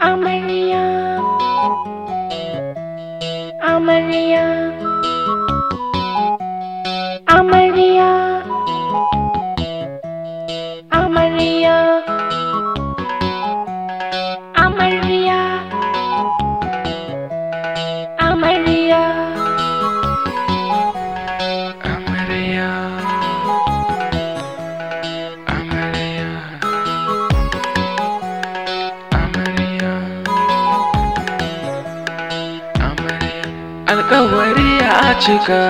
Amaria Amaria alkawari ya cika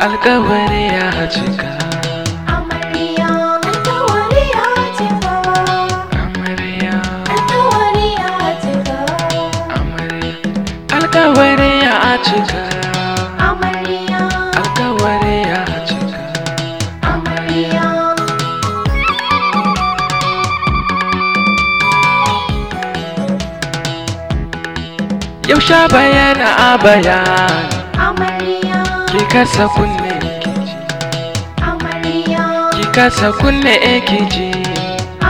alkawari ya cika yau sha bayana a bayan amarya ki kasa kunne kiji amarya ki kasa kunne e kiji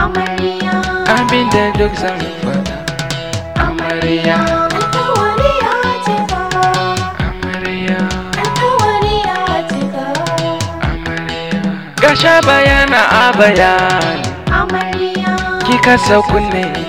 amarya abinda duk zan faɗa amarya Gasha bayana a bayani Amarya Ki kasa kunne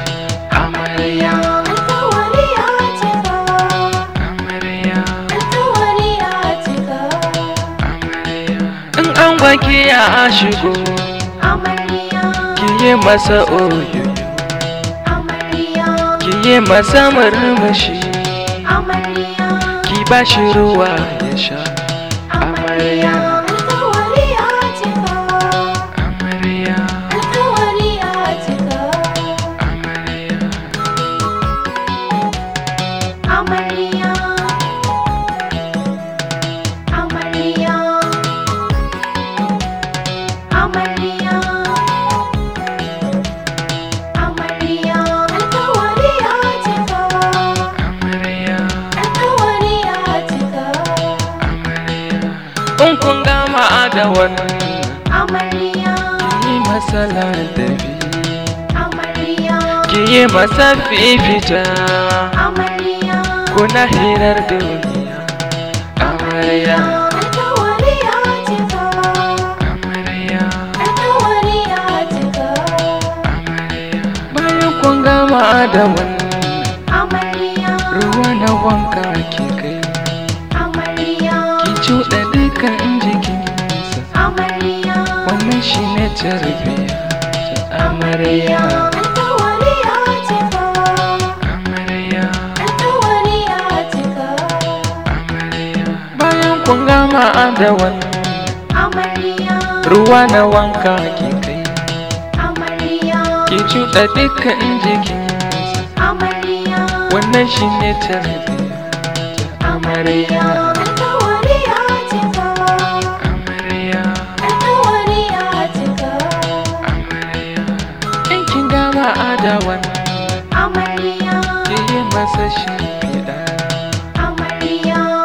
ki ya shigo ki yi masa oyo ki yi masa murmushi ki bashi ruwa ya sha fama da wannan amarya yi matsala da amarya ki yi masa fifita kuna hirar duniya amarya Bayan kun gama da wannan ruwa na wanka kika shi na tarbiya amarya gama da wannan ruwa na wanka ki kai ki cuɗa dukkan jikin wannan shi ne tarbiya amariya. amarya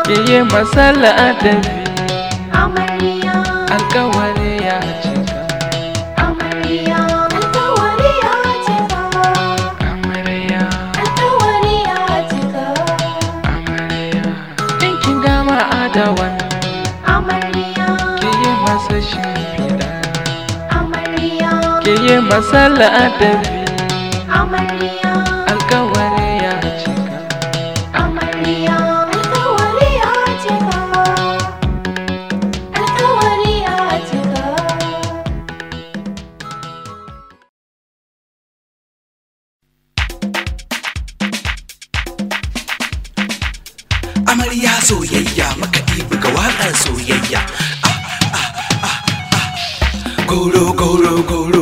Biye masala adabi Amarya Alkawari ya cika Amarya Alkawari ya cika Amarya Alkawari ya cika Amarya Dinkin dama adawan Amarya Kiye masa shimfiɗa Amarya Kiye masala adabi Amarya Alkawari amarya soyayya maka ɗibi ga waƙar soyayya ah, ah, ah, goro goro goro